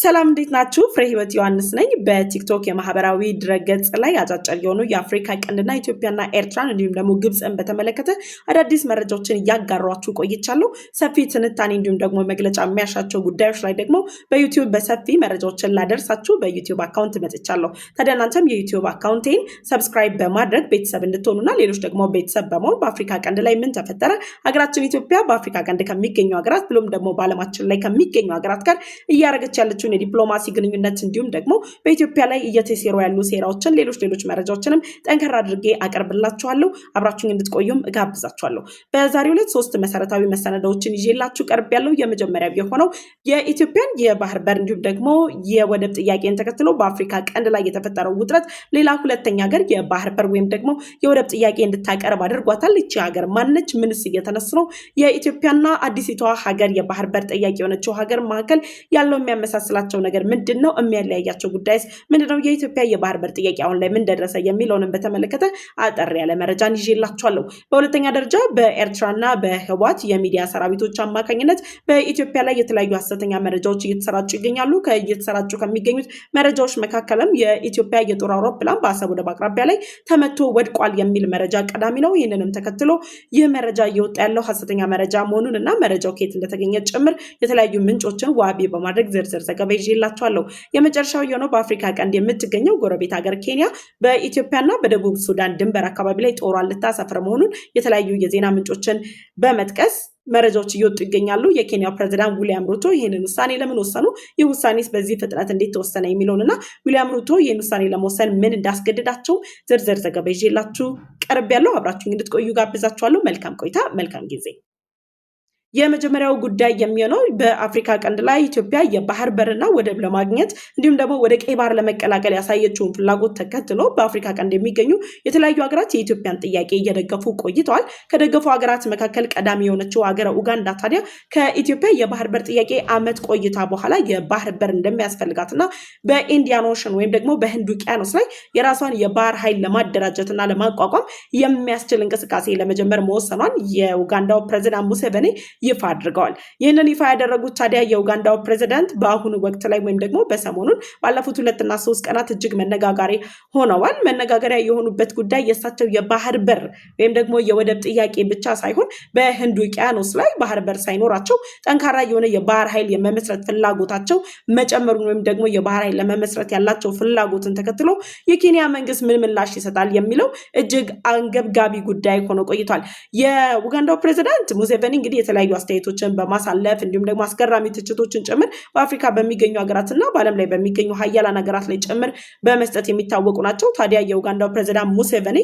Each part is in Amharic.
ሰላም እንዴት ናችሁ? ፍሬ ህይወት ዮሐንስ ነኝ። በቲክቶክ የማህበራዊ ድረገጽ ላይ አጫጭር የሆኑ የአፍሪካ ቀንድና ኢትዮጵያና ኤርትራን እንዲሁም ደግሞ ግብፅን በተመለከተ አዳዲስ መረጃዎችን እያጋሯችሁ ቆይቻለሁ። ሰፊ ትንታኔ እንዲሁም ደግሞ መግለጫ የሚያሻቸው ጉዳዮች ላይ ደግሞ በዩቲዩብ በሰፊ መረጃዎችን ላደርሳችሁ በዩቲዩብ አካውንት መጥቻለሁ። ታዲያ እናንተም የዩቲዩብ አካውንቴን ሰብስክራይብ በማድረግ ቤተሰብ እንድትሆኑና ሌሎች ደግሞ ቤተሰብ በመሆን በአፍሪካ ቀንድ ላይ ምን ተፈጠረ፣ ሀገራችን ኢትዮጵያ በአፍሪካ ቀንድ ከሚገኙ ሀገራት ብሎም ደግሞ በዓለማችን ላይ ከሚገኙ ሀገራት ጋር እያደረገች ያለች ያለችውን የዲፕሎማሲ ግንኙነት እንዲሁም ደግሞ በኢትዮጵያ ላይ እየተሴሩ ያሉ ሴራዎችን፣ ሌሎች ሌሎች መረጃዎችንም ጠንከር አድርጌ አቀርብላችኋለሁ። አብራችሁኝ እንድትቆዩም እጋብዛችኋለሁ። በዛሬው ዕለት ሶስት መሰረታዊ መሰነዳዎችን ይዤላችሁ ቀርብ ያለው የመጀመሪያ የሆነው የኢትዮጵያን የባህር በር እንዲሁም ደግሞ የወደብ ጥያቄን ተከትሎ በአፍሪካ ቀንድ ላይ የተፈጠረው ውጥረት ሌላ ሁለተኛ ሀገር የባህር በር ወይም ደግሞ የወደብ ጥያቄ እንድታቀርብ አድርጓታል። ይቺ ሀገር ማነች? ምንስ እየተነሱ ነው? የኢትዮጵያና አዲሲቷ ሀገር የባህር በር ጥያቄ የሆነችው ሀገር መካከል ያለው የሚያመሳስል የሚመስላቸው ነገር ምንድን ነው? የሚያለያያቸው ጉዳይስ ምንድነው? የኢትዮጵያ የባህር በር ጥያቄ አሁን ላይ ምን ደረሰ የሚለውንም በተመለከተ አጠር ያለ መረጃን ይዤላችኋለሁ። በሁለተኛ ደረጃ በኤርትራና በህዋት የሚዲያ ሰራዊቶች አማካኝነት በኢትዮጵያ ላይ የተለያዩ ሀሰተኛ መረጃዎች እየተሰራጩ ይገኛሉ። እየተሰራጩ ከሚገኙት መረጃዎች መካከልም የኢትዮጵያ የጦር አውሮፕላን በአሰብ ወደብ አቅራቢያ ላይ ተመቶ ወድቋል የሚል መረጃ ቀዳሚ ነው። ይህንንም ተከትሎ ይህ መረጃ እየወጣ ያለው ሀሰተኛ መረጃ መሆኑን እና መረጃው ከየት እንደተገኘ ጭምር የተለያዩ ምንጮችን ዋቢ በማድረግ ዝርዝር ዘገ እየተዘገበ ይዤላችኋለሁ። የመጨረሻው የሆነው በአፍሪካ ቀንድ የምትገኘው ጎረቤት ሀገር ኬንያ በኢትዮጵያና በደቡብ ሱዳን ድንበር አካባቢ ላይ ጦሯን ልታሰፍር መሆኑን የተለያዩ የዜና ምንጮችን በመጥቀስ መረጃዎች እየወጡ ይገኛሉ። የኬንያው ፕሬዚዳንት ዊሊያም ሩቶ ይህንን ውሳኔ ለምን ወሰኑ? ይህ ውሳኔስ በዚህ ፍጥነት እንዴት ተወሰነ? የሚለውን እና ዊሊያም ሩቶ ይህን ውሳኔ ለመወሰን ምን እንዳስገድዳቸው ዝርዝር ዘገባ ይዤላችሁ ቀርብ ያለው አብራችሁ እንድትቆዩ ጋብዛችኋለሁ። መልካም ቆይታ፣ መልካም ጊዜ የመጀመሪያው ጉዳይ የሚሆነው በአፍሪካ ቀንድ ላይ ኢትዮጵያ የባህር በርና ወደብ ለማግኘት እንዲሁም ደግሞ ወደ ቀይ ባህር ለመቀላቀል ያሳየችውን ፍላጎት ተከትሎ በአፍሪካ ቀንድ የሚገኙ የተለያዩ ሀገራት የኢትዮጵያን ጥያቄ እየደገፉ ቆይተዋል። ከደገፉ ሀገራት መካከል ቀዳሚ የሆነችው ሀገረ ኡጋንዳ ታዲያ ከኢትዮጵያ የባህር በር ጥያቄ አመት ቆይታ በኋላ የባህር በር እንደሚያስፈልጋትና በኢንዲያን ኦሽን ወይም ደግሞ በህንድ ውቅያኖስ ላይ የራሷን የባህር ኃይል ለማደራጀትና ለማቋቋም የሚያስችል እንቅስቃሴ ለመጀመር መወሰኗን የኡጋንዳው ፕሬዚዳንት ሙሴቬኒ ይፋ አድርገዋል። ይህንን ይፋ ያደረጉት ታዲያ የኡጋንዳው ፕሬዚዳንት በአሁኑ ወቅት ላይ ወይም ደግሞ በሰሞኑን ባለፉት ሁለትና ሶስት ቀናት እጅግ መነጋጋሪ ሆነዋል። መነጋገሪያ የሆኑበት ጉዳይ የእሳቸው የባህር በር ወይም ደግሞ የወደብ ጥያቄ ብቻ ሳይሆን በህንድ ውቅያኖስ ላይ ባህር በር ሳይኖራቸው ጠንካራ የሆነ የባህር ኃይል የመመስረት ፍላጎታቸው መጨመሩን ወይም ደግሞ የባህር ኃይል ለመመስረት ያላቸው ፍላጎትን ተከትሎ የኬንያ መንግስት ምን ምላሽ ይሰጣል የሚለው እጅግ አንገብጋቢ ጉዳይ ሆኖ ቆይቷል። የኡጋንዳው ፕሬዚዳንት ሙሴቬኒ እንግዲህ የተለያዩ አስተያየቶችን በማሳለፍ እንዲሁም ደግሞ አስገራሚ ትችቶችን ጭምር በአፍሪካ በሚገኙ ሀገራትና በዓለም ላይ በሚገኙ ሀያላን ሀገራት ላይ ጭምር በመስጠት የሚታወቁ ናቸው። ታዲያ የኡጋንዳው ፕሬዚዳንት ሙሴቨኒ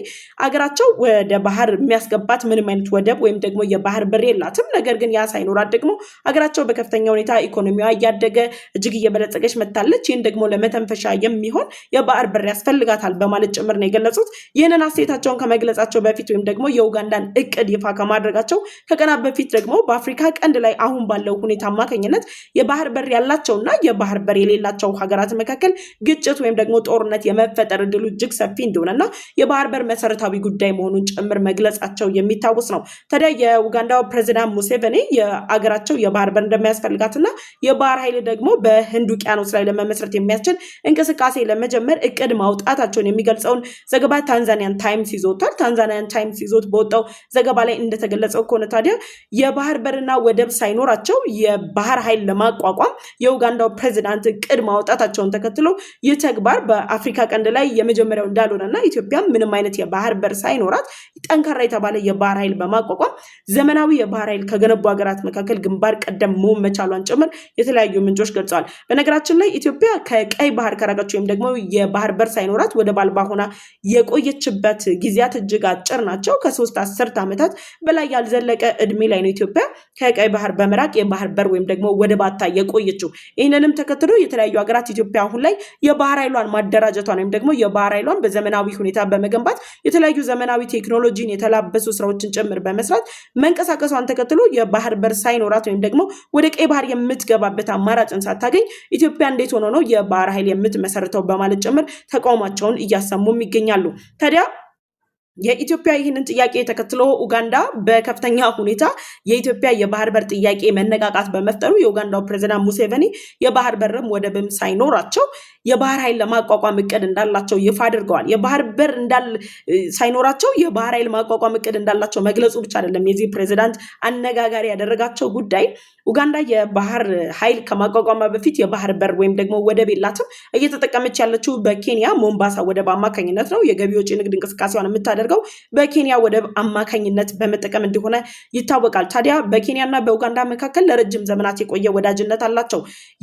አገራቸው ወደ ባህር የሚያስገባት ምንም አይነት ወደብ ወይም ደግሞ የባህር በር የላትም። ነገር ግን ያ ሳይኖራት ደግሞ ሀገራቸው በከፍተኛ ሁኔታ ኢኮኖሚዋ እያደገ እጅግ እየበለጸገች መታለች። ይህን ደግሞ ለመተንፈሻ የሚሆን የባህር በር ያስፈልጋታል በማለት ጭምር ነው የገለጹት። ይህንን አስተያየታቸውን ከመግለጻቸው በፊት ወይም ደግሞ የኡጋንዳን እቅድ ይፋ ከማድረጋቸው ከቀናት በፊት ደግሞ በአፍሪካ ቀንድ ላይ አሁን ባለው ሁኔታ አማካኝነት የባህር በር ያላቸውና የባህር በር የሌላቸው ሀገራት መካከል ግጭት ወይም ደግሞ ጦርነት የመፈጠር እድሉ እጅግ ሰፊ እንደሆነ እንደሆነና የባህር በር መሰረታዊ ጉዳይ መሆኑን ጭምር መግለጻቸው የሚታወስ ነው። ታዲያ የኡጋንዳው ፕሬዚዳንት ሙሴቬኒ የአገራቸው የባህር በር እንደሚያስፈልጋትና የባህር ኃይል ደግሞ በህንድ ውቅያኖስ ላይ ለመመስረት የሚያስችል እንቅስቃሴ ለመጀመር እቅድ ማውጣታቸውን የሚገልጸውን ዘገባ ታንዛኒያን ታይምስ ይዞታል። ታንዛኒያን ታይምስ ይዞት በወጣው ዘገባ ላይ እንደተገለጸው ከሆነ ታዲያ የባህር ድንበርና ወደብ ሳይኖራቸው የባህር ኃይል ለማቋቋም የኡጋንዳው ፕሬዚዳንት እቅድ ማውጣታቸውን ተከትሎ ይህ ተግባር በአፍሪካ ቀንድ ላይ የመጀመሪያው እንዳልሆነና ኢትዮጵያ ምንም አይነት የባህር በር ሳይኖራት ጠንካራ የተባለ የባህር ኃይል በማቋቋም ዘመናዊ የባህር ኃይል ከገነቡ ሀገራት መካከል ግንባር ቀደም መሆን መቻሏን ጭምር የተለያዩ ምንጮች ገልጸዋል። በነገራችን ላይ ኢትዮጵያ ከቀይ ባህር ከራቀች ወይም ደግሞ የባህር በር ሳይኖራት ወደ ባልባ ሆና የቆየችበት ጊዜያት እጅግ አጭር ናቸው። ከሶስት አስርት ዓመታት በላይ ያልዘለቀ እድሜ ላይ ነው ኢትዮጵያ ከቀይ ባህር በመራቅ የባህር በር ወይም ደግሞ ወደ ባታ የቆየችው። ይህንንም ተከትሎ የተለያዩ ሀገራት ኢትዮጵያ አሁን ላይ የባህር ኃይሏን ማደራጀቷን ወይም ደግሞ የባህር ኃይሏን በዘመናዊ ሁኔታ በመገንባት የተለያዩ ዘመናዊ ቴክኖሎጂን የተላበሱ ስራዎችን ጭምር በመስራት መንቀሳቀሷን ተከትሎ የባህር በር ሳይኖራት ወይም ደግሞ ወደ ቀይ ባህር የምትገባበት አማራጭን ሳታገኝ ኢትዮጵያ እንዴት ሆኖ ነው የባህር ኃይል የምትመሰርተው በማለት ጭምር ተቃውሟቸውን እያሰሙም ይገኛሉ ታዲያ የኢትዮጵያ ይህንን ጥያቄ ተከትሎ ኡጋንዳ በከፍተኛ ሁኔታ የኢትዮጵያ የባህር በር ጥያቄ መነቃቃት በመፍጠሩ የኡጋንዳው ፕሬዚዳንት ሙሴቨኒ የባህር በርም ወደብም ሳይኖራቸው የባህር ኃይል ለማቋቋም እቅድ እንዳላቸው ይፋ አድርገዋል። የባህር በር እንዳል ሳይኖራቸው የባህር ኃይል ማቋቋም እቅድ እንዳላቸው መግለጹ ብቻ አይደለም የዚህ ፕሬዚዳንት አነጋጋሪ ያደረጋቸው ጉዳይ። ኡጋንዳ የባህር ኃይል ከማቋቋማ በፊት የባህር በር ወይም ደግሞ ወደብ የላትም። እየተጠቀመች ያለችው በኬንያ ሞምባሳ ወደብ አማካኝነት ነው። የገቢ ወጪ ንግድ እንቅስቃሴዋን የምታደርገው በኬንያ ወደብ አማካኝነት በመጠቀም እንደሆነ ይታወቃል። ታዲያ በኬንያና በኡጋንዳ መካከል ለረጅም ዘመናት የቆየ ወዳጅነት አላቸው።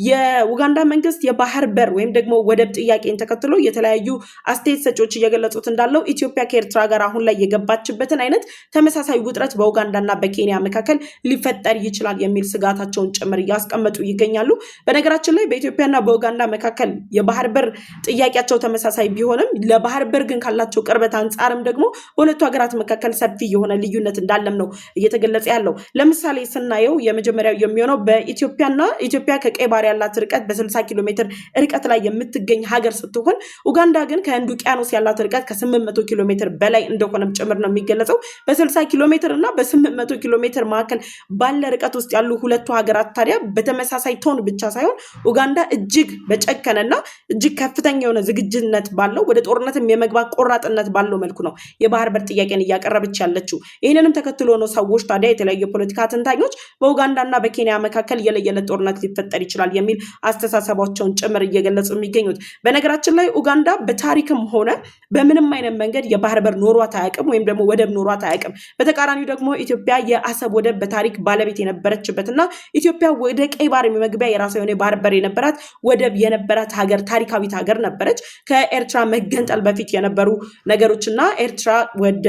የኡጋንዳ መንግስት የባህር በር ወይም ደግሞ ወደብ ጥያቄን ተከትሎ የተለያዩ አስተያየት ሰጪዎች እየገለጹት እንዳለው ኢትዮጵያ ከኤርትራ ጋር አሁን ላይ የገባችበትን አይነት ተመሳሳይ ውጥረት በኡጋንዳና በኬንያ መካከል ሊፈጠር ይችላል የሚል ስጋታቸውን ጭምር እያስቀመጡ ይገኛሉ። በነገራችን ላይ በኢትዮጵያና በኡጋንዳ መካከል የባህር በር ጥያቄያቸው ተመሳሳይ ቢሆንም ለባህር በር ግን ካላቸው ቅርበት አንጻርም ደግሞ በሁለቱ ሀገራት መካከል ሰፊ የሆነ ልዩነት እንዳለም ነው እየተገለጸ ያለው። ለምሳሌ ስናየው የመጀመሪያው የሚሆነው በኢትዮጵያና ኢትዮጵያ ከቀይ ባህር ያላት ርቀት በ60 ኪሎ ሜትር ርቀት ላይ የምት የምትገኝ ሀገር ስትሆን ኡጋንዳ ግን ከህንድ ውቅያኖስ ያላት ርቀት ከ800 ኪሎ ሜትር በላይ እንደሆነም ጭምር ነው የሚገለጸው። በ60 ኪሎ ሜትር እና በ800 ኪሎ ሜትር መካከል ባለ ርቀት ውስጥ ያሉ ሁለቱ ሀገራት ታዲያ በተመሳሳይ ቶን ብቻ ሳይሆን ኡጋንዳ እጅግ በጨከነና እጅግ ከፍተኛ የሆነ ዝግጅነት ባለው ወደ ጦርነትም የመግባት ቆራጥነት ባለው መልኩ ነው የባህር በር ጥያቄን እያቀረበች ያለችው። ይህንንም ተከትሎ ነው ሰዎች ታዲያ የተለያዩ የፖለቲካ ተንታኞች በኡጋንዳና በኬንያ መካከል የለየለት ጦርነት ሊፈጠር ይችላል የሚል አስተሳሰባቸውን ጭምር እየገለጹ የሚገኙት። በነገራችን ላይ ኡጋንዳ በታሪክም ሆነ በምንም አይነት መንገድ የባህር በር ኖሯት አያውቅም፣ ወይም ደግሞ ወደብ ኖሯት አያውቅም። በተቃራኒው ደግሞ ኢትዮጵያ የአሰብ ወደብ በታሪክ ባለቤት የነበረችበት እና ኢትዮጵያ ወደ ቀይ ባህር መግቢያ የራሷ የሆነ የባህር በር የነበራት ወደብ የነበራት ሀገር ታሪካዊት ሀገር ነበረች። ከኤርትራ መገንጠል በፊት የነበሩ ነገሮች እና ኤርትራ ወደ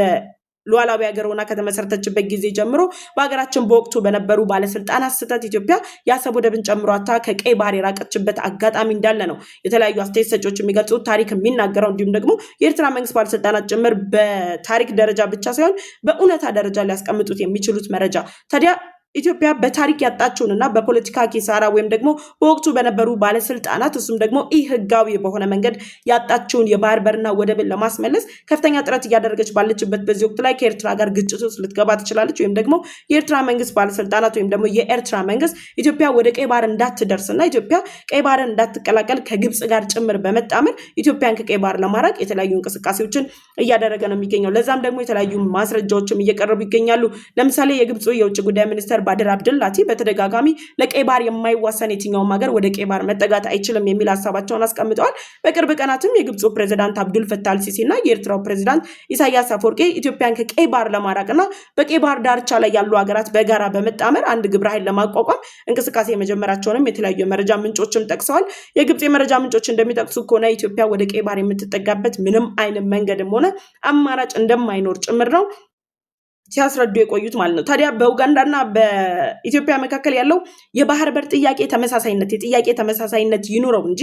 ሉዓላዊ ሀገር ሆና ከተመሰረተችበት ጊዜ ጀምሮ በሀገራችን በወቅቱ በነበሩ ባለስልጣናት ስህተት ኢትዮጵያ የአሰብ ወደብን ጨምሯታ ከቀይ ባህር የራቀችበት አጋጣሚ እንዳለ ነው የተለያዩ አስተያየት ሰጪዎች የሚገልጹት ታሪክ የሚናገረው። እንዲሁም ደግሞ የኤርትራ መንግስት ባለስልጣናት ጭምር በታሪክ ደረጃ ብቻ ሳይሆን በእውነታ ደረጃ ሊያስቀምጡት የሚችሉት መረጃ ታዲያ ኢትዮጵያ በታሪክ ያጣችውንና በፖለቲካ ኪሳራ ወይም ደግሞ በወቅቱ በነበሩ ባለስልጣናት እሱም ደግሞ ኢ ህጋዊ በሆነ መንገድ ያጣችውን የባህር በርና ወደብን ለማስመለስ ከፍተኛ ጥረት እያደረገች ባለችበት በዚህ ወቅት ላይ ከኤርትራ ጋር ግጭት ውስጥ ልትገባ ትችላለች ወይም ደግሞ የኤርትራ መንግስት ባለስልጣናት ወይም ደግሞ የኤርትራ መንግስት ኢትዮጵያ ወደ ቀይ ባህር እንዳትደርስ ኢትዮጵያ ቀይ ባህርን እንዳትቀላቀል ከግብፅ ጋር ጭምር በመጣመር ኢትዮጵያን ከቀይ ባህር ለማራቅ የተለያዩ እንቅስቃሴዎችን እያደረገ ነው የሚገኘው። ለዛም ደግሞ የተለያዩ ማስረጃዎችም እየቀረቡ ይገኛሉ። ለምሳሌ የግብፁ የውጭ ጉዳይ ሚኒስተር ባድር አብድላቲ በተደጋጋሚ ለቀይ ባህር የማይዋሰን የትኛውም ሀገር ወደ ቀይ ባህር መጠጋት አይችልም የሚል ሀሳባቸውን አስቀምጠዋል። በቅርብ ቀናትም የግብፁ ፕሬዚዳንት አብዱል ፈታል ሲሲ እና የኤርትራው ፕሬዚዳንት ኢሳያስ አፈወርቄ ኢትዮጵያን ከቀይ ባህር ለማራቅና በቀይ ባህር ዳርቻ ላይ ያሉ ሀገራት በጋራ በመጣመር አንድ ግብረ ኃይል ለማቋቋም እንቅስቃሴ መጀመራቸውንም የተለያዩ የመረጃ ምንጮችም ጠቅሰዋል። የግብፅ የመረጃ ምንጮች እንደሚጠቅሱ ከሆነ ኢትዮጵያ ወደ ቀይ ባህር የምትጠጋበት ምንም አይነት መንገድም ሆነ አማራጭ እንደማይኖር ጭምር ነው። ሲያስረዱ የቆዩት ማለት ነው። ታዲያ በኡጋንዳና በኢትዮጵያ መካከል ያለው የባህር በር ጥያቄ ተመሳሳይነት የጥያቄ ተመሳሳይነት ይኑረው እንጂ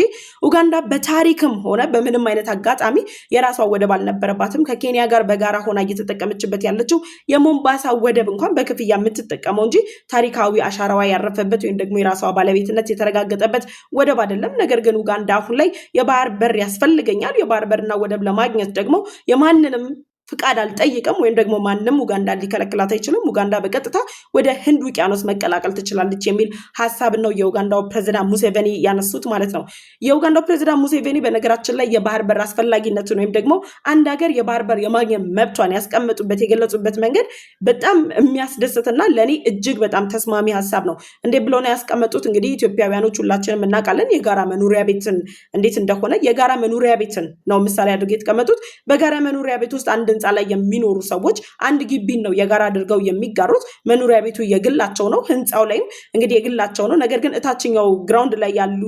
ኡጋንዳ በታሪክም ሆነ በምንም አይነት አጋጣሚ የራሷ ወደብ አልነበረባትም። ከኬንያ ጋር በጋራ ሆና እየተጠቀመችበት ያለችው የሞምባሳ ወደብ እንኳን በክፍያ የምትጠቀመው እንጂ ታሪካዊ አሻራዋ ያረፈበት ወይም ደግሞ የራሷ ባለቤትነት የተረጋገጠበት ወደብ አይደለም። ነገር ግን ኡጋንዳ አሁን ላይ የባህር በር ያስፈልገኛል፣ የባህር በርና ወደብ ለማግኘት ደግሞ የማንንም ፍቃድ አልጠይቅም ወይም ደግሞ ማንም ኡጋንዳ ሊከለክላት አይችልም። ኡጋንዳ በቀጥታ ወደ ህንድ ውቅያኖስ መቀላቀል ትችላለች የሚል ሀሳብ ነው የኡጋንዳው ፕሬዚዳንት ሙሴቬኒ ያነሱት ማለት ነው። የኡጋንዳው ፕሬዚዳንት ሙሴቬኒ በነገራችን ላይ የባህር በር አስፈላጊነትን ወይም ደግሞ አንድ ሀገር የባህር በር የማግኘት መብቷን ያስቀመጡበት የገለጹበት መንገድ በጣም የሚያስደስትና ለእኔ እጅግ በጣም ተስማሚ ሀሳብ ነው። እንዴት ብለው ነው ያስቀመጡት? እንግዲህ ኢትዮጵያውያኖች ሁላችንም እናውቃለን የጋራ መኖሪያ ቤትን እንዴት እንደሆነ። የጋራ መኖሪያ ቤትን ነው ምሳሌ አድርገው የተቀመጡት። በጋራ መኖሪያ ቤት ውስጥ አንድ ህንፃ ላይ የሚኖሩ ሰዎች አንድ ግቢን ነው የጋራ አድርገው የሚጋሩት። መኖሪያ ቤቱ የግላቸው ነው፣ ህንፃው ላይም እንግዲህ የግላቸው ነው። ነገር ግን እታችኛው ግራውንድ ላይ ያሉ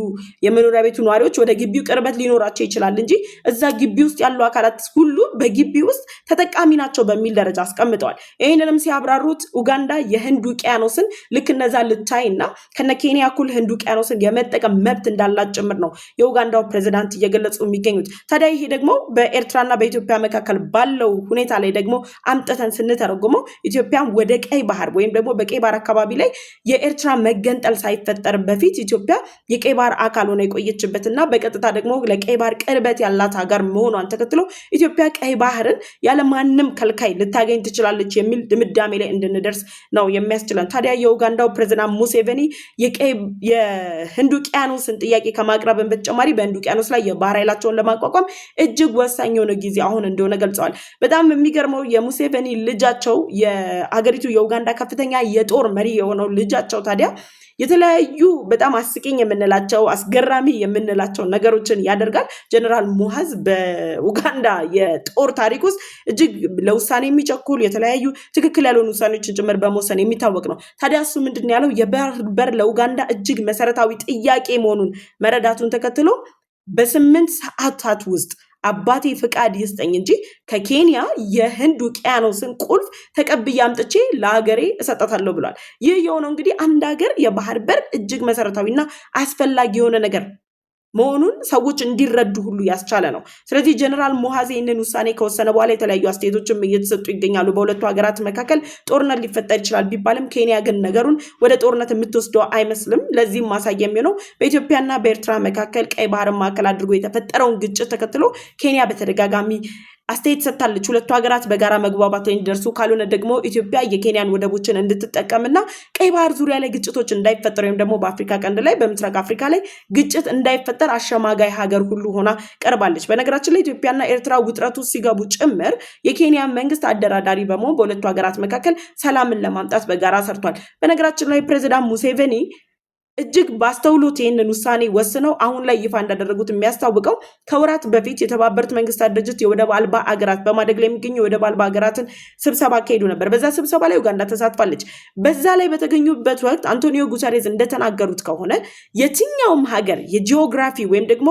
የመኖሪያ ቤቱ ነዋሪዎች ወደ ግቢው ቅርበት ሊኖራቸው ይችላል እንጂ እዛ ግቢ ውስጥ ያሉ አካላት ሁሉ በግቢ ውስጥ ተጠቃሚ ናቸው በሚል ደረጃ አስቀምጠዋል። ይህንንም ሲያብራሩት ኡጋንዳ የህንድ ውቅያኖስን ልክ እነዛ ልታይ እና ከነ ኬንያ እኩል ህንድ ውቅያኖስን የመጠቀም መብት እንዳላት ጭምር ነው የኡጋንዳው ፕሬዚዳንት እየገለጹ የሚገኙት። ታዲያ ይሄ ደግሞ በኤርትራና በኢትዮጵያ መካከል ባለው ሁኔታ ላይ ደግሞ አምጥተን ስንተረጉመው ኢትዮጵያን ወደ ቀይ ባህር ወይም ደግሞ በቀይ ባህር አካባቢ ላይ የኤርትራ መገንጠል ሳይፈጠር በፊት ኢትዮጵያ የቀይ ባህር አካል ሆነ የቆየችበት እና በቀጥታ ደግሞ ለቀይ ባህር ቅርበት ያላት ሀገር መሆኗን ተከትሎ ኢትዮጵያ ቀይ ባህርን ያለማንም ከልካይ ልታገኝ ትችላለች የሚል ድምዳሜ ላይ እንድንደርስ ነው የሚያስችለን። ታዲያ የኡጋንዳው ፕሬዚዳንት ሙሴቬኒ የህንድ ውቅያኖስን ጥያቄ ከማቅረብን በተጨማሪ በህንድ ውቅያኖስ ላይ የባህር ኃይላቸውን ለማቋቋም እጅግ ወሳኝ የሆነ ጊዜ አሁን እንደሆነ ገልጸዋል። በጣም የሚገርመው የሙሴቬኒ ልጃቸው የሀገሪቱ የኡጋንዳ ከፍተኛ የጦር መሪ የሆነው ልጃቸው ታዲያ የተለያዩ በጣም አስቂኝ የምንላቸው አስገራሚ የምንላቸው ነገሮችን ያደርጋል። ጀነራል ሙሀዝ በኡጋንዳ የጦር ታሪክ ውስጥ እጅግ ለውሳኔ የሚቸኩል የተለያዩ ትክክል ያልሆኑ ውሳኔዎችን ጭምር በመወሰን የሚታወቅ ነው። ታዲያ እሱ ምንድን ያለው የባህር በር ለኡጋንዳ እጅግ መሰረታዊ ጥያቄ መሆኑን መረዳቱን ተከትሎ በስምንት ሰዓታት ውስጥ አባቴ ፍቃድ ይስጠኝ እንጂ ከኬንያ የህንድ ውቅያኖስን ቁልፍ ተቀብዬ አምጥቼ ለሀገሬ እሰጣታለሁ ብሏል። ይህ የሆነው እንግዲህ አንድ ሀገር የባህር በር እጅግ መሰረታዊና አስፈላጊ የሆነ ነገር መሆኑን ሰዎች እንዲረዱ ሁሉ ያስቻለ ነው። ስለዚህ ጀነራል ሞሃዜ ይህንን ውሳኔ ከወሰነ በኋላ የተለያዩ አስተያየቶችም እየተሰጡ ይገኛሉ። በሁለቱ ሀገራት መካከል ጦርነት ሊፈጠር ይችላል ቢባልም ኬንያ ግን ነገሩን ወደ ጦርነት የምትወስደው አይመስልም። ለዚህም ማሳያ የሚሆነው በኢትዮጵያና በኤርትራ መካከል ቀይ ባህርን ማዕከል አድርጎ የተፈጠረውን ግጭት ተከትሎ ኬንያ በተደጋጋሚ አስተያየት ሰጥታለች። ሁለቱ ሀገራት በጋራ መግባባት ላይ እንዲደርሱ ካልሆነ ደግሞ ኢትዮጵያ የኬንያን ወደቦችን እንድትጠቀምና ቀይ ባህር ዙሪያ ላይ ግጭቶች እንዳይፈጠር ወይም ደግሞ በአፍሪካ ቀንድ ላይ በምስራቅ አፍሪካ ላይ ግጭት እንዳይፈጠር አሸማጋይ ሀገር ሁሉ ሆና ቀርባለች። በነገራችን ላይ ኢትዮጵያና ኤርትራ ውጥረቱ ሲገቡ ጭምር የኬንያ መንግስት አደራዳሪ በመሆን በሁለቱ ሀገራት መካከል ሰላምን ለማምጣት በጋራ ሰርቷል። በነገራችን ላይ ፕሬዚዳንት ሙሴቬኒ እጅግ በአስተውሎት ይህንን ውሳኔ ወስነው አሁን ላይ ይፋ እንዳደረጉት የሚያስታውቀው ከወራት በፊት የተባበሩት መንግስታት ድርጅት የወደብ አልባ አገራት በማደግ ላይ የሚገኙ የወደብ አልባ አገራትን ስብሰባ አካሄዱ ነበር። በዛ ስብሰባ ላይ ኡጋንዳ ተሳትፋለች። በዛ ላይ በተገኙበት ወቅት አንቶኒዮ ጉተሬዝ እንደተናገሩት ከሆነ የትኛውም ሀገር የጂኦግራፊ ወይም ደግሞ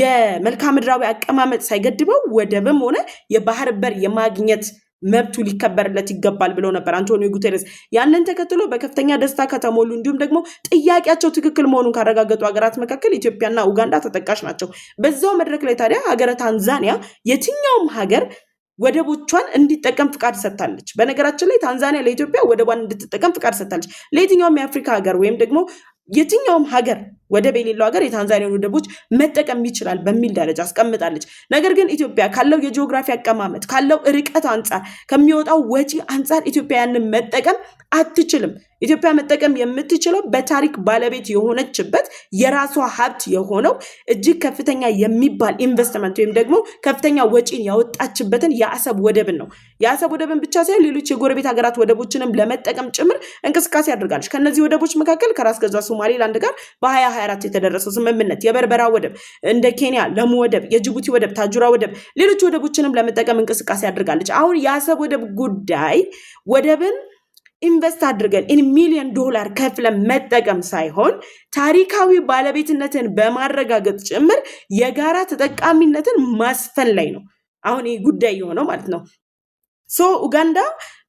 የመልክዓ ምድራዊ አቀማመጥ ሳይገድበው ወደብም ሆነ የባህር በር የማግኘት መብቱ ሊከበርለት ይገባል ብለው ነበር አንቶኒዮ ጉቴሬስ። ያንን ተከትሎ በከፍተኛ ደስታ ከተሞሉ እንዲሁም ደግሞ ጥያቄያቸው ትክክል መሆኑን ካረጋገጡ ሀገራት መካከል ኢትዮጵያና ኡጋንዳ ተጠቃሽ ናቸው። በዛው መድረክ ላይ ታዲያ ሀገረ ታንዛኒያ የትኛውም ሀገር ወደቦቿን እንዲጠቀም ፍቃድ ሰጥታለች። በነገራችን ላይ ታንዛኒያ ለኢትዮጵያ ወደቧን እንድትጠቀም ፍቃድ ሰጥታለች። ለየትኛውም የአፍሪካ ሀገር ወይም ደግሞ የትኛውም ሀገር ወደብ የሌለው ሀገር የታንዛኒያን ወደቦች መጠቀም ይችላል በሚል ደረጃ አስቀምጣለች። ነገር ግን ኢትዮጵያ ካለው የጂኦግራፊ አቀማመጥ ካለው ርቀት አንጻር ከሚወጣው ወጪ አንጻር ኢትዮጵያ ያንን መጠቀም አትችልም። ኢትዮጵያ መጠቀም የምትችለው በታሪክ ባለቤት የሆነችበት የራሷ ሀብት የሆነው እጅግ ከፍተኛ የሚባል ኢንቨስትመንት ወይም ደግሞ ከፍተኛ ወጪን ያወጣችበትን የአሰብ ወደብን ነው። የአሰብ ወደብን ብቻ ሳይሆን ሌሎች የጎረቤት ሀገራት ወደቦችንም ለመጠቀም ጭምር እንቅስቃሴ አድርጋለች። ከነዚህ ወደቦች መካከል ከራስ ገዛ ሶማሌላንድ ጋር በ2024 የተደረሰው ስምምነት፣ የበርበራ ወደብ፣ እንደ ኬንያ ለም ወደብ፣ የጅቡቲ ወደብ፣ ታጁራ ወደብ፣ ሌሎች ወደቦችንም ለመጠቀም እንቅስቃሴ አድርጋለች። አሁን የአሰብ ወደብ ጉዳይ ወደብን ኢንቨስት አድርገን ኢን ሚሊዮን ዶላር ከፍለን መጠቀም ሳይሆን ታሪካዊ ባለቤትነትን በማረጋገጥ ጭምር የጋራ ተጠቃሚነትን ማስፈን ላይ ነው አሁን ይህ ጉዳይ የሆነው ማለት ነው። ሶ ኡጋንዳ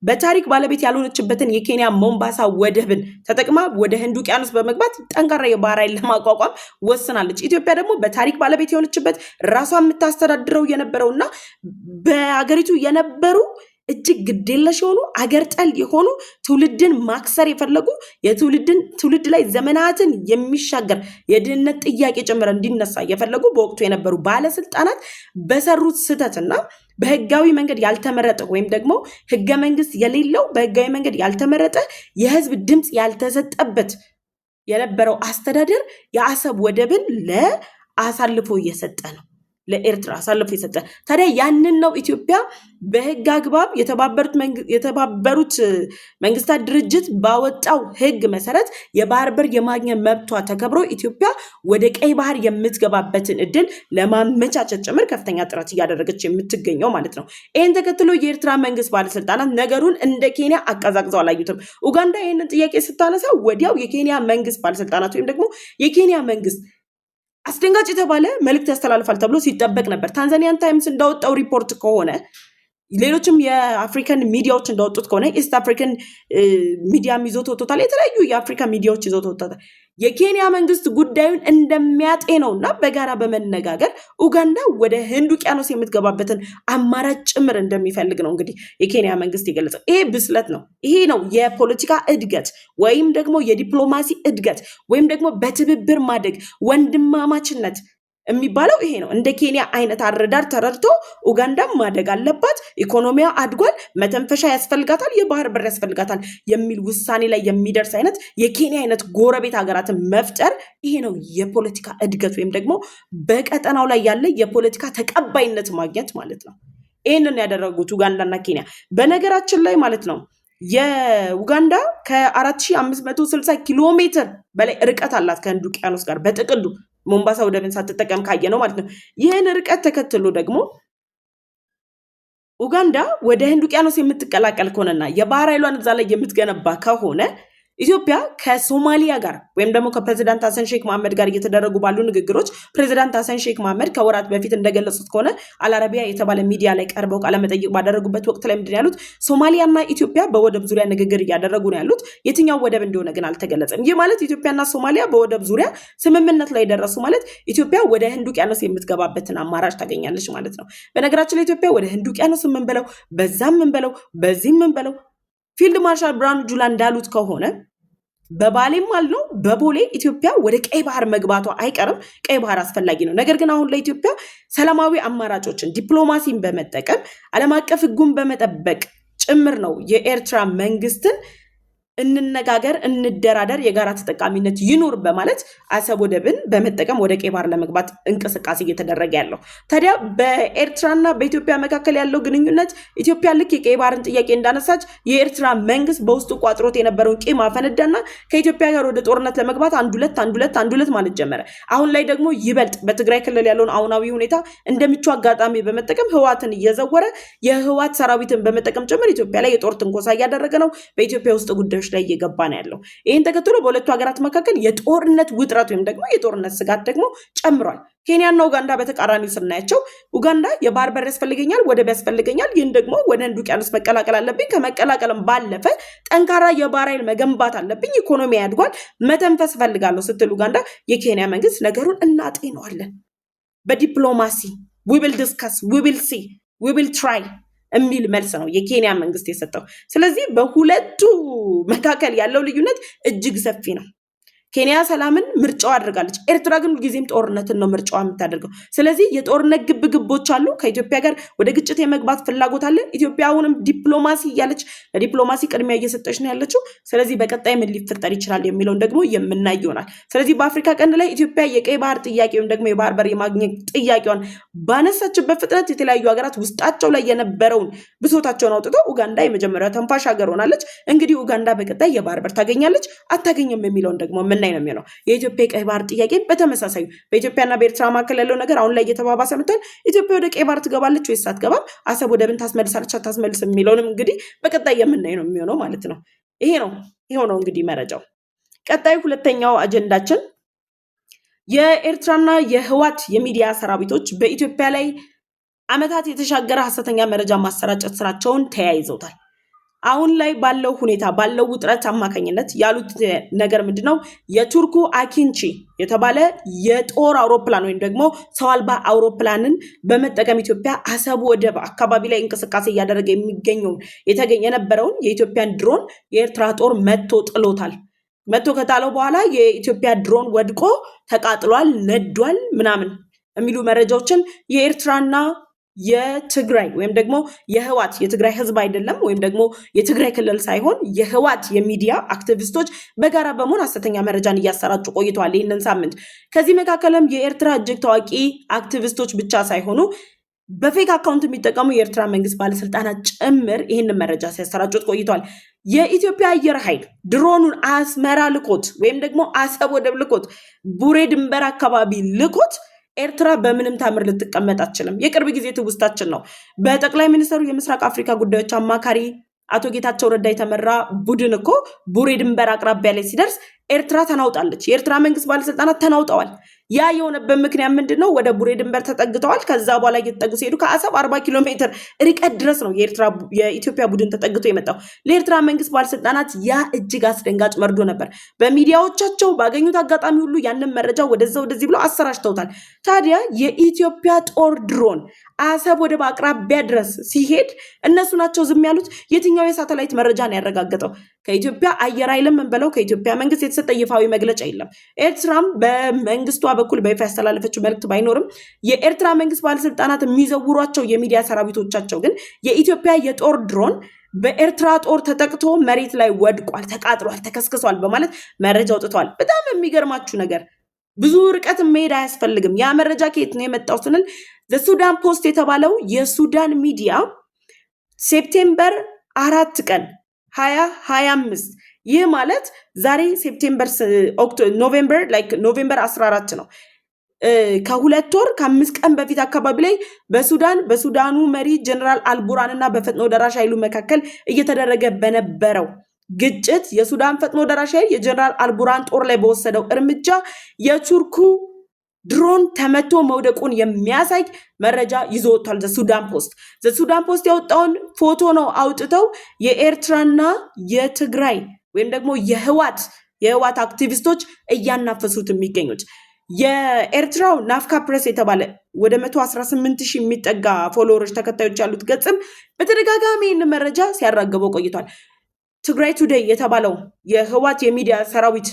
በታሪክ ባለቤት ያልሆነችበትን የኬንያ ሞምባሳ ወደብን ተጠቅማ ወደ ህንድ ውቅያኖስ በመግባት ጠንካራ የባህር ኃይል ለማቋቋም ወስናለች። ኢትዮጵያ ደግሞ በታሪክ ባለቤት የሆነችበት ራሷ የምታስተዳድረው የነበረውና በሀገሪቱ የነበሩ እጅግ ግዴለሽ የሆኑ አገር ጠል የሆኑ ትውልድን ማክሰር የፈለጉ የትውልድን ትውልድ ላይ ዘመናትን የሚሻገር የድህነት ጥያቄ ጭምር እንዲነሳ የፈለጉ በወቅቱ የነበሩ ባለስልጣናት በሰሩት ስህተትና በህጋዊ መንገድ ያልተመረጠ ወይም ደግሞ ህገ መንግስት የሌለው በህጋዊ መንገድ ያልተመረጠ የህዝብ ድምፅ ያልተሰጠበት የነበረው አስተዳደር የአሰብ ወደብን ለአሳልፎ እየሰጠ ነው። ለኤርትራ አሳልፎ የሰጠ ታዲያ ያንን ነው ኢትዮጵያ በህግ አግባብ የተባበሩት መንግስታት ድርጅት ባወጣው ህግ መሰረት የባህር በር የማግኘት መብቷ ተከብሮ ኢትዮጵያ ወደ ቀይ ባህር የምትገባበትን እድል ለማመቻቸት ጭምር ከፍተኛ ጥረት እያደረገች የምትገኘው ማለት ነው። ይህን ተከትሎ የኤርትራ መንግስት ባለስልጣናት ነገሩን እንደ ኬንያ አቀዛቅዘው አላዩትም። ኡጋንዳ ይህንን ጥያቄ ስታነሳ ወዲያው የኬንያ መንግስት ባለስልጣናት ወይም ደግሞ የኬንያ መንግስት አስደንጋጭ የተባለ መልእክት ያስተላልፋል ተብሎ ሲጠበቅ ነበር። ታንዛኒያን ታይምስ እንዳወጣው ሪፖርት ከሆነ ሌሎችም የአፍሪካን ሚዲያዎች እንዳወጡት ከሆነ ኢስት አፍሪካን ሚዲያም ይዞት ወጥቶታል። የተለያዩ የአፍሪካ ሚዲያዎች ይዞት ወጥቶታል። የኬንያ መንግስት ጉዳዩን እንደሚያጤ እና በጋራ በመነጋገር ኡጋንዳ ወደ ህንድ ውቅያኖስ የምትገባበትን አማራጭ ጭምር እንደሚፈልግ ነው እንግዲህ የኬንያ መንግስት የገለጸው። ይሄ ብስለት ነው። ይሄ ነው የፖለቲካ እድገት ወይም ደግሞ የዲፕሎማሲ እድገት ወይም ደግሞ በትብብር ማደግ ወንድማማችነት የሚባለው ይሄ ነው። እንደ ኬንያ አይነት አረዳድ ተረድቶ ኡጋንዳም ማደግ አለባት፣ ኢኮኖሚያ አድጓል፣ መተንፈሻ ያስፈልጋታል፣ የባህር በር ያስፈልጋታል የሚል ውሳኔ ላይ የሚደርስ አይነት የኬንያ አይነት ጎረቤት ሀገራትን መፍጠር ይሄ ነው የፖለቲካ እድገት ወይም ደግሞ በቀጠናው ላይ ያለ የፖለቲካ ተቀባይነት ማግኘት ማለት ነው። ይህንን ያደረጉት ኡጋንዳና ኬንያ በነገራችን ላይ ማለት ነው። የኡጋንዳ ከ4560 ኪሎ ሜትር በላይ ርቀት አላት ከህንድ ውቅያኖስ ጋር በጥቅሉ ሞምባሳ ወደብን ሳትጠቀም ካየ ነው ማለት ነው። ይህን ርቀት ተከትሎ ደግሞ ኡጋንዳ ወደ ህንድ ውቅያኖስ የምትቀላቀል ከሆነና የባህር ኃይሏን እዛ ላይ የምትገነባ ከሆነ ኢትዮጵያ ከሶማሊያ ጋር ወይም ደግሞ ከፕሬዚዳንት ሀሰን ሼክ መሐመድ ጋር እየተደረጉ ባሉ ንግግሮች ፕሬዚዳንት ሀሰን ሼክ መሐመድ ከወራት በፊት እንደገለጹት ከሆነ አልአረቢያ የተባለ ሚዲያ ላይ ቀርበው ቃለመጠይቅ ባደረጉበት ወቅት ላይ ምንድን ያሉት ሶማሊያና ኢትዮጵያ በወደብ ዙሪያ ንግግር እያደረጉ ነው ያሉት። የትኛው ወደብ እንደሆነ ግን አልተገለጸም። ይህ ማለት ኢትዮጵያና ሶማሊያ በወደብ ዙሪያ ስምምነት ላይ ደረሱ ማለት ኢትዮጵያ ወደ ህንድ ውቅያኖስ የምትገባበትን አማራጭ ታገኛለች ማለት ነው። በነገራችን ላይ ኢትዮጵያ ወደ ህንድ ውቅያኖስ የምንበለው በዛም የምንበለው በዚህም የምንበለው ፊልድ ማርሻል ብርሃኑ ጁላ እንዳሉት ከሆነ በባሌም ማለት ነው በቦሌ ኢትዮጵያ ወደ ቀይ ባህር መግባቷ አይቀርም። ቀይ ባህር አስፈላጊ ነው። ነገር ግን አሁን ለኢትዮጵያ ሰላማዊ አማራጮችን ዲፕሎማሲን በመጠቀም ዓለም አቀፍ ሕጉን በመጠበቅ ጭምር ነው የኤርትራ መንግስትን እንነጋገር፣ እንደራደር፣ የጋራ ተጠቃሚነት ይኑር በማለት አሰብ ወደብን በመጠቀም ወደ ቀይ ባህር ለመግባት እንቅስቃሴ እየተደረገ ያለው ታዲያ በኤርትራና በኢትዮጵያ መካከል ያለው ግንኙነት ኢትዮጵያ ልክ የቀይ ባህርን ጥያቄ እንዳነሳች የኤርትራ መንግስት በውስጡ ቋጥሮት የነበረውን ቂም አፈነዳና ከኢትዮጵያ ጋር ወደ ጦርነት ለመግባት አንድ ሁለት አንድ ሁለት አንድ ሁለት ማለት ጀመረ። አሁን ላይ ደግሞ ይበልጥ በትግራይ ክልል ያለውን አሁናዊ ሁኔታ እንደምቹ አጋጣሚ በመጠቀም ህዋትን እየዘወረ የህዋት ሰራዊትን በመጠቀም ጭምር ኢትዮጵያ ላይ የጦር ትንኮሳ እያደረገ ነው። በኢትዮጵያ ውስጥ ጉዳዮች ጉዳዮች ላይ እየገባ ነው ያለው። ይህን ተከትሎ በሁለቱ ሀገራት መካከል የጦርነት ውጥረት ወይም ደግሞ የጦርነት ስጋት ደግሞ ጨምሯል። ኬንያና ኡጋንዳ በተቃራኒ ስናያቸው ኡጋንዳ የባህር በር ያስፈልገኛል፣ ወደብ ያስፈልገኛል፣ ይህን ደግሞ ወደ ህንድ ውቅያኖስ መቀላቀል አለብኝ፣ ከመቀላቀልም ባለፈ ጠንካራ የባህር ኃይል መገንባት አለብኝ፣ ኢኮኖሚ ያድጓል፣ መተንፈስ እፈልጋለሁ ስትል ኡጋንዳ፣ የኬንያ መንግስት ነገሩን እናጤነዋለን በዲፕሎማሲ ዊል ዲስከስ ዊል ሲ ዊል ትራይ የሚል መልስ ነው የኬንያ መንግስት የሰጠው። ስለዚህ በሁለቱ መካከል ያለው ልዩነት እጅግ ሰፊ ነው። ኬንያ ሰላምን ምርጫው አድርጋለች። ኤርትራ ግን ሁልጊዜም ጦርነትን ነው ምርጫዋ የምታደርገው። ስለዚህ የጦርነት ግብግብ ህጎች አሉ። ከኢትዮጵያ ጋር ወደ ግጭት የመግባት ፍላጎት አለ። ኢትዮጵያ አሁንም ዲፕሎማሲ እያለች ለዲፕሎማሲ ቅድሚያ እየሰጠች ነው ያለችው። ስለዚህ በቀጣይ ምን ሊፈጠር ይችላል የሚለውን ደግሞ የምናይ ይሆናል። ስለዚህ በአፍሪካ ቀንድ ላይ ኢትዮጵያ የቀይ ባህር ጥያቄ ወይም ደግሞ የባህር በር የማግኘት ጥያቄዋን ባነሳችበት ፍጥነት የተለያዩ ሀገራት ውስጣቸው ላይ የነበረውን ብሶታቸውን አውጥቶ ኡጋንዳ የመጀመሪያ ተንፋሽ ሀገር ሆናለች። እንግዲህ ኡጋንዳ በቀጣይ የባህር በር ታገኛለች አታገኘም የሚለውን ደግሞ የምናይ ነው የሚሆነው። የኢትዮጵያ የቀይ ባህር ጥያቄ በተመሳሳዩ በኢትዮጵያና በኤርትራ መካከል ያለው ነገር አሁን ላይ እየተባባሰ መጥቷል። ኢትዮጵያ ወደ ቀይ ባህር ትገባለች ወይስ አትገባም? አሰብ ወደብን ታስመልሳለች አታስመልስ የሚለውንም እንግዲህ በቀጣይ የምናይ ነው የሚሆነው ማለት ነው። ይሄ ነው ይሄው ነው እንግዲህ መረጃው። ቀጣይ ሁለተኛው አጀንዳችን የኤርትራና የህዋት የሚዲያ ሰራዊቶች በኢትዮጵያ ላይ አመታት የተሻገረ ሀሰተኛ መረጃ ማሰራጨት ስራቸውን ተያይዘውታል። አሁን ላይ ባለው ሁኔታ ባለው ውጥረት አማካኝነት ያሉት ነገር ምንድን ነው? የቱርኩ አኪንቺ የተባለ የጦር አውሮፕላን ወይም ደግሞ ሰው አልባ አውሮፕላንን በመጠቀም ኢትዮጵያ አሰብ ወደብ አካባቢ ላይ እንቅስቃሴ እያደረገ የሚገኘውን የነበረውን የኢትዮጵያን ድሮን የኤርትራ ጦር መቶ ጥሎታል። መቶ ከጣለው በኋላ የኢትዮጵያ ድሮን ወድቆ ተቃጥሏል፣ ነዷል ምናምን የሚሉ መረጃዎችን የኤርትራና የትግራይ ወይም ደግሞ የህዋት የትግራይ ህዝብ አይደለም ወይም ደግሞ የትግራይ ክልል ሳይሆን የህዋት የሚዲያ አክቲቪስቶች በጋራ በመሆን ሀሰተኛ መረጃን እያሰራጩ ቆይተዋል ይህንን ሳምንት። ከዚህ መካከልም የኤርትራ እጅግ ታዋቂ አክቲቪስቶች ብቻ ሳይሆኑ በፌክ አካውንት የሚጠቀሙ የኤርትራ መንግስት ባለስልጣናት ጭምር ይህንን መረጃ ሲያሰራጩት ቆይተዋል። የኢትዮጵያ አየር ኃይል ድሮኑን አስመራ ልኮት ወይም ደግሞ አሰብ ወደብ ልኮት ቡሬ ድንበር አካባቢ ልኮት ኤርትራ በምንም ታምር ልትቀመጥ አትችልም። የቅርብ ጊዜ ትውስታችን ነው። በጠቅላይ ሚኒስትሩ የምስራቅ አፍሪካ ጉዳዮች አማካሪ አቶ ጌታቸው ረዳ የተመራ ቡድን እኮ ቡሬ ድንበር አቅራቢያ ላይ ሲደርስ ኤርትራ ተናውጣለች። የኤርትራ መንግስት ባለስልጣናት ተናውጠዋል። ያ የሆነበት ምክንያት ምንድን ነው? ወደ ቡሬ ድንበር ተጠግተዋል። ከዛ በኋላ እየተጠጉ ሲሄዱ ከአሰብ አርባ ኪሎ ሜትር ርቀት ድረስ ነው የኢትዮጵያ ቡድን ተጠግቶ የመጣው። ለኤርትራ መንግስት ባለስልጣናት ያ እጅግ አስደንጋጭ መርዶ ነበር። በሚዲያዎቻቸው ባገኙት አጋጣሚ ሁሉ ያንን መረጃ ወደዛ ወደዚህ ብለው አሰራጭተውታል። ታዲያ የኢትዮጵያ ጦር ድሮን አሰብ ወደብ አቅራቢያ ድረስ ሲሄድ እነሱ ናቸው ዝም ያሉት። የትኛው የሳተላይት መረጃ ነው ያረጋገጠው? ከኢትዮጵያ አየር ኃይልም ምን ብለው ከኢትዮጵያ መንግስት የተሰጠ ይፋዊ መግለጫ የለም። ኤርትራም በመንግስቷ በኩል በይፋ ያስተላለፈችው መልእክት ባይኖርም የኤርትራ መንግስት ባለስልጣናት የሚዘውሯቸው የሚዲያ ሰራዊቶቻቸው ግን የኢትዮጵያ የጦር ድሮን በኤርትራ ጦር ተጠቅቶ መሬት ላይ ወድቋል፣ ተቃጥሏል፣ ተከስክሷል በማለት መረጃ አውጥተዋል። በጣም የሚገርማችሁ ነገር ብዙ ርቀት መሄድ አያስፈልግም። ያ መረጃ ከየት ነው የመጣው ስንል ዘሱዳን ፖስት የተባለው የሱዳን ሚዲያ ሴፕቴምበር አራት ቀን ሀያ ሀያ አምስት ይህ ማለት ዛሬ ሴፕቴምበር ኖቬምበር ላይክ ኖቬምበር አስራ አራት ነው። ከሁለት ወር ከአምስት ቀን በፊት አካባቢ ላይ በሱዳን በሱዳኑ መሪ ጀኔራል አልቡራን እና በፈጥኖ ደራሽ ኃይሉ መካከል እየተደረገ በነበረው ግጭት የሱዳን ፈጥኖ ደራሽ ኃይል የጀኔራል አልቡራን ጦር ላይ በወሰደው እርምጃ የቱርኩ ድሮን ተመቶ መውደቁን የሚያሳይ መረጃ ይዞ ወጥቷል። ዘሱዳን ፖስት ዘሱዳን ፖስት ያወጣውን ፎቶ ነው አውጥተው የኤርትራና የትግራይ ወይም ደግሞ የህዋት የህዋት አክቲቪስቶች እያናፈሱት የሚገኙት የኤርትራው ናፍካ ፕሬስ የተባለ ወደ 118 ሺህ የሚጠጋ ፎሎወሮች ተከታዮች ያሉት ገጽም በተደጋጋሚ ይህን መረጃ ሲያራገበው ቆይቷል። ትግራይ ቱዴይ የተባለው የህዋት የሚዲያ ሰራዊት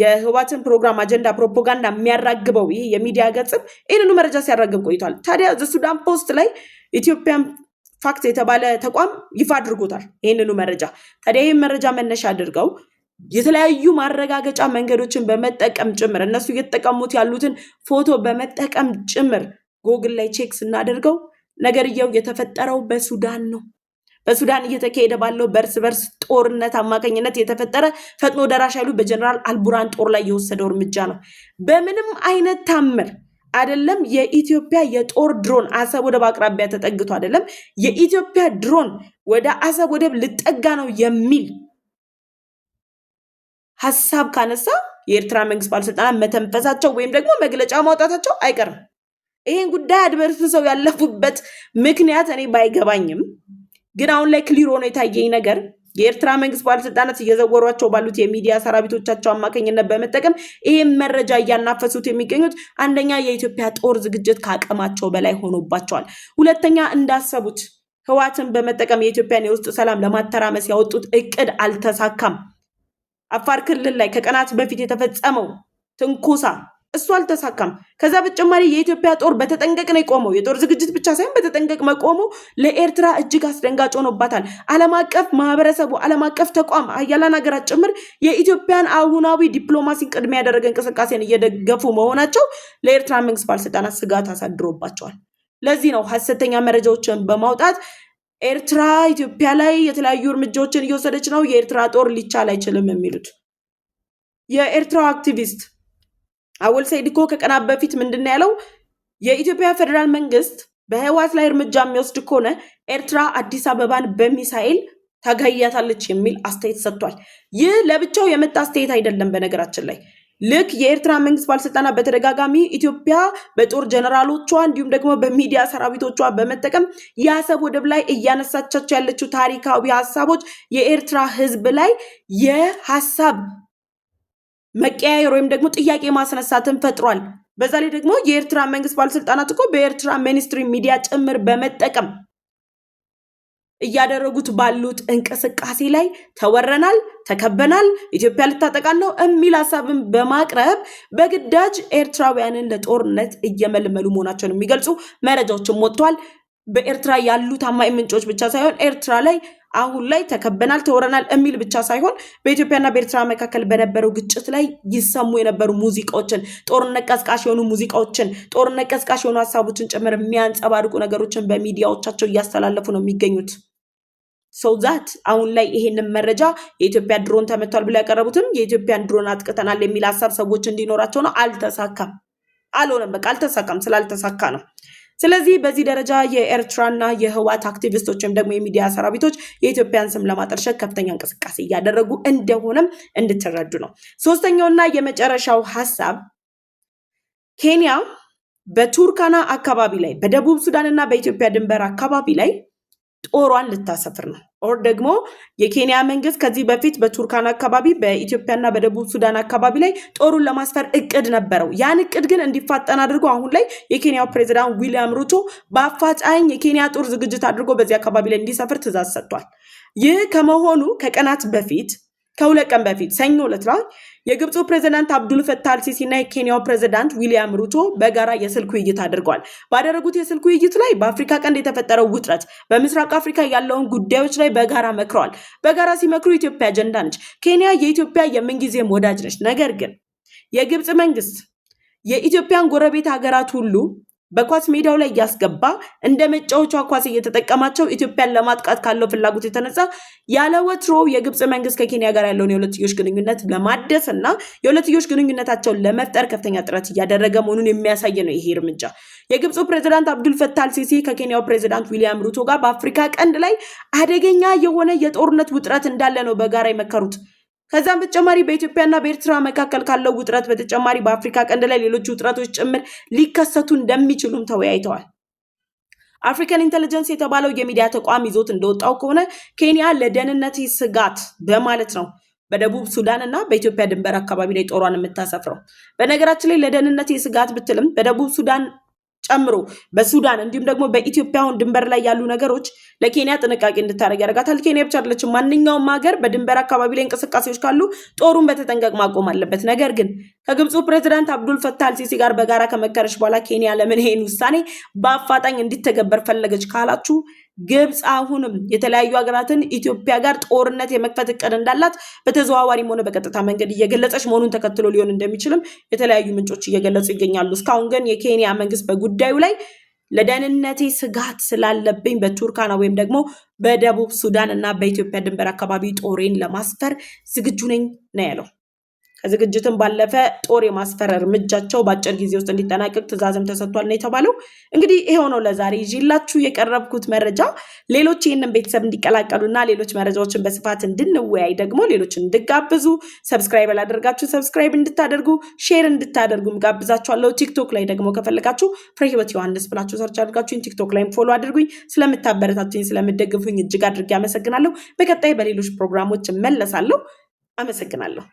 የህወሓትን ፕሮግራም፣ አጀንዳ፣ ፕሮፓጋንዳ የሚያራግበው ይህ የሚዲያ ገጽም ይህንኑ መረጃ ሲያራግብ ቆይቷል። ታዲያ ዘሱዳን ፖስት ላይ ኢትዮጵያን ፋክት የተባለ ተቋም ይፋ አድርጎታል ይህንኑ መረጃ። ታዲያ ይህን መረጃ መነሻ አድርገው የተለያዩ ማረጋገጫ መንገዶችን በመጠቀም ጭምር እነሱ እየተጠቀሙት ያሉትን ፎቶ በመጠቀም ጭምር ጎግል ላይ ቼክ ስናደርገው ነገርየው የተፈጠረው በሱዳን ነው። በሱዳን እየተካሄደ ባለው በእርስ በርስ ጦርነት አማካኝነት የተፈጠረ ፈጥኖ ደራሽ ኃይሉ በጀነራል አልቡራን ጦር ላይ የወሰደው እርምጃ ነው። በምንም አይነት ታምር አይደለም የኢትዮጵያ የጦር ድሮን አሰብ ወደብ አቅራቢያ ተጠግቶ አይደለም የኢትዮጵያ ድሮን ወደ አሰብ ወደብ ልጠጋ ነው የሚል ሀሳብ ካነሳ የኤርትራ መንግስት ባለስልጣናት መተንፈሳቸው ወይም ደግሞ መግለጫ ማውጣታቸው አይቀርም። ይህን ጉዳይ ሰው ያለፉበት ምክንያት እኔ ባይገባኝም ግን አሁን ላይ ክሊር ሆኖ የታየኝ ነገር የኤርትራ መንግስት ባለስልጣናት እየዘወሯቸው ባሉት የሚዲያ ሰራዊቶቻቸው አማካኝነት በመጠቀም ይህም መረጃ እያናፈሱት የሚገኙት አንደኛ የኢትዮጵያ ጦር ዝግጅት ከአቅማቸው በላይ ሆኖባቸዋል። ሁለተኛ እንዳሰቡት ህዋትን በመጠቀም የኢትዮጵያን የውስጥ ሰላም ለማተራመስ ያወጡት እቅድ አልተሳካም። አፋር ክልል ላይ ከቀናት በፊት የተፈጸመው ትንኮሳ እሱ አልተሳካም። ከዛ በተጨማሪ የኢትዮጵያ ጦር በተጠንቀቅ ነው የቆመው። የጦር ዝግጅት ብቻ ሳይሆን በተጠንቀቅ መቆሙ ለኤርትራ እጅግ አስደንጋጭ ሆኖባታል። ዓለም አቀፍ ማህበረሰቡ፣ ዓለም አቀፍ ተቋም፣ አያላን ሀገራት ጭምር የኢትዮጵያን አሁናዊ ዲፕሎማሲን ቅድሚያ ያደረገ እንቅስቃሴን እየደገፉ መሆናቸው ለኤርትራ መንግስት ባለስልጣናት ስጋት አሳድሮባቸዋል። ለዚህ ነው ሀሰተኛ መረጃዎችን በማውጣት ኤርትራ ኢትዮጵያ ላይ የተለያዩ እርምጃዎችን እየወሰደች ነው፣ የኤርትራ ጦር ሊቻል አይችልም የሚሉት የኤርትራው አክቲቪስት አወል ሰይድ እኮ ከቀናት በፊት ምንድን ያለው የኢትዮጵያ ፌዴራል መንግስት በህወሓት ላይ እርምጃ የሚወስድ ከሆነ ኤርትራ አዲስ አበባን በሚሳኤል ታጋያታለች የሚል አስተያየት ሰጥቷል። ይህ ለብቻው የመጣ አስተያየት አይደለም። በነገራችን ላይ ልክ የኤርትራ መንግስት ባለስልጣናት በተደጋጋሚ ኢትዮጵያ በጦር ጀነራሎቿ እንዲሁም ደግሞ በሚዲያ ሰራዊቶቿ በመጠቀም የአሰብ ወደብ ላይ እያነሳቻቸው ያለችው ታሪካዊ ሀሳቦች የኤርትራ ህዝብ ላይ የሀሳብ መቀያየር ወይም ደግሞ ጥያቄ ማስነሳትን ፈጥሯል። በዛ ላይ ደግሞ የኤርትራ መንግስት ባለስልጣናት እኮ በኤርትራ ሚኒስትሪ ሚዲያ ጭምር በመጠቀም እያደረጉት ባሉት እንቅስቃሴ ላይ ተወረናል፣ ተከበናል፣ ኢትዮጵያ ልታጠቃን ነው የሚል ሀሳብን በማቅረብ በግዳጅ ኤርትራውያንን ለጦርነት እየመለመሉ መሆናቸውን የሚገልጹ መረጃዎችም ወጥቷል። በኤርትራ ያሉ ታማኝ ምንጮች ብቻ ሳይሆን ኤርትራ ላይ አሁን ላይ ተከበናል ተወረናል የሚል ብቻ ሳይሆን በኢትዮጵያና በኤርትራ መካከል በነበረው ግጭት ላይ ይሰሙ የነበሩ ሙዚቃዎችን፣ ጦርነት ቀስቃሽ የሆኑ ሙዚቃዎችን፣ ጦርነት ቀስቃሽ የሆኑ ሀሳቦችን ጭምር የሚያንጸባርቁ ነገሮችን በሚዲያዎቻቸው እያስተላለፉ ነው የሚገኙት። ሰው ዛት አሁን ላይ ይሄንን መረጃ የኢትዮጵያ ድሮን ተመቷል ብለው ያቀረቡትም የኢትዮጵያን ድሮን አጥቅተናል የሚል ሀሳብ ሰዎች እንዲኖራቸው ነው። አልተሳካም፣ አልሆነም። በቃ አልተሳካም። ስላልተሳካ ነው ስለዚህ በዚህ ደረጃ የኤርትራና የህወሓት አክቲቪስቶች ወይም ደግሞ የሚዲያ ሰራዊቶች የኢትዮጵያን ስም ለማጠልሸት ከፍተኛ እንቅስቃሴ እያደረጉ እንደሆነም እንድትረዱ ነው። ሶስተኛውና የመጨረሻው ሀሳብ ኬንያ በቱርካና አካባቢ ላይ በደቡብ ሱዳንና በኢትዮጵያ ድንበር አካባቢ ላይ ጦሯን ልታሰፍር ነው። ኦር ደግሞ የኬንያ መንግስት ከዚህ በፊት በቱርካን አካባቢ በኢትዮጵያና በደቡብ ሱዳን አካባቢ ላይ ጦሩን ለማስፈር እቅድ ነበረው። ያን እቅድ ግን እንዲፋጠን አድርጎ አሁን ላይ የኬንያው ፕሬዚዳንት ዊሊያም ሩቶ በአፋጣኝ የኬንያ ጦር ዝግጅት አድርጎ በዚህ አካባቢ ላይ እንዲሰፍር ትእዛዝ ሰጥቷል። ይህ ከመሆኑ ከቀናት በፊት ከሁለት ቀን በፊት ሰኞ ዕለት ላይ የግብፁ ፕሬዚዳንት አብዱል ፈታ አልሲሲ እና የኬንያው ፕሬዚዳንት ዊሊያም ሩቶ በጋራ የስልክ ውይይት አድርገዋል። ባደረጉት የስልክ ውይይት ላይ በአፍሪካ ቀንድ የተፈጠረው ውጥረት፣ በምስራቅ አፍሪካ ያለውን ጉዳዮች ላይ በጋራ መክረዋል። በጋራ ሲመክሩ ኢትዮጵያ አጀንዳ ነች። ኬንያ የኢትዮጵያ የምንጊዜም ወዳጅ ነች። ነገር ግን የግብፅ መንግስት የኢትዮጵያን ጎረቤት ሀገራት ሁሉ በኳስ ሜዳው ላይ እያስገባ እንደ መጫወቻ ኳስ እየተጠቀማቸው ኢትዮጵያን ለማጥቃት ካለው ፍላጎት የተነሳ ያለ ወትሮ የግብፅ መንግስት ከኬንያ ጋር ያለውን የሁለትዮሽ ግንኙነት ለማደስ እና የሁለትዮሽ ግንኙነታቸውን ለመፍጠር ከፍተኛ ጥረት እያደረገ መሆኑን የሚያሳይ ነው ይሄ እርምጃ። የግብፁ ፕሬዚዳንት አብዱል ፈታል ሲሲ ከኬንያው ፕሬዚዳንት ዊሊያም ሩቶ ጋር በአፍሪካ ቀንድ ላይ አደገኛ የሆነ የጦርነት ውጥረት እንዳለ ነው በጋራ የመከሩት። ከዛም በተጨማሪ በኢትዮጵያና በኤርትራ መካከል ካለው ውጥረት በተጨማሪ በአፍሪካ ቀንድ ላይ ሌሎች ውጥረቶች ጭምር ሊከሰቱ እንደሚችሉም ተወያይተዋል። አፍሪካን ኢንተሊጀንስ የተባለው የሚዲያ ተቋም ይዞት እንደወጣው ከሆነ ኬንያ ለደህንነት ስጋት በማለት ነው በደቡብ ሱዳን እና በኢትዮጵያ ድንበር አካባቢ ላይ ጦሯን የምታሰፍረው። በነገራችን ላይ ለደህንነት ስጋት ብትልም በደቡብ ሱዳን ጨምሮ በሱዳን እንዲሁም ደግሞ በኢትዮጵያ አሁን ድንበር ላይ ያሉ ነገሮች ለኬንያ ጥንቃቄ እንድታደረግ ያደርጋታል። ኬንያ ብቻ አይደለችም። ማንኛውም ሀገር በድንበር አካባቢ ላይ እንቅስቃሴዎች ካሉ ጦሩን በተጠንቀቅ ማቆም አለበት። ነገር ግን ከግብፁ ፕሬዚዳንት አብዱል ፈታህ አልሲሲ ጋር በጋራ ከመከረች በኋላ ኬንያ ለምን ይሄን ውሳኔ በአፋጣኝ እንዲተገበር ፈለገች ካላችሁ ግብፅ አሁንም የተለያዩ ሀገራትን ኢትዮጵያ ጋር ጦርነት የመክፈት እቅድ እንዳላት በተዘዋዋሪም ሆነ በቀጥታ መንገድ እየገለጸች መሆኑን ተከትሎ ሊሆን እንደሚችልም የተለያዩ ምንጮች እየገለጹ ይገኛሉ። እስካሁን ግን የኬንያ መንግስት በጉዳዩ ላይ ለደህንነቴ ስጋት ስላለብኝ በቱርካና ወይም ደግሞ በደቡብ ሱዳን እና በኢትዮጵያ ድንበር አካባቢ ጦሬን ለማስፈር ዝግጁ ነኝ ነው ያለው። ከዝግጅትም ባለፈ ጦር የማስፈር እርምጃቸው በአጭር ጊዜ ውስጥ እንዲጠናቀቅ ትዕዛዝም ተሰጥቷል ነው የተባለው። እንግዲህ ይሄው ነው ለዛሬ ይዤላችሁ የቀረብኩት መረጃ። ሌሎች ይህንን ቤተሰብ እንዲቀላቀሉና ሌሎች መረጃዎችን በስፋት እንድንወያይ ደግሞ ሌሎች እንድጋብዙ ሰብስክራይብ ላደርጋችሁ ሰብስክራይብ እንድታደርጉ ሼር እንድታደርጉም ጋብዛችኋለሁ። ቲክቶክ ላይ ደግሞ ከፈለጋችሁ ፍሬ ህይወት ዮሐንስ ብላችሁ ሰርች አድርጋችሁኝ ቲክቶክ ላይም ፎሎ አድርጉኝ። ስለምታበረታችሁኝ ስለምደግፉኝ እጅግ አድርጌ አመሰግናለሁ። በቀጣይ በሌሎች ፕሮግራሞች እመለሳለሁ። አመሰግናለሁ።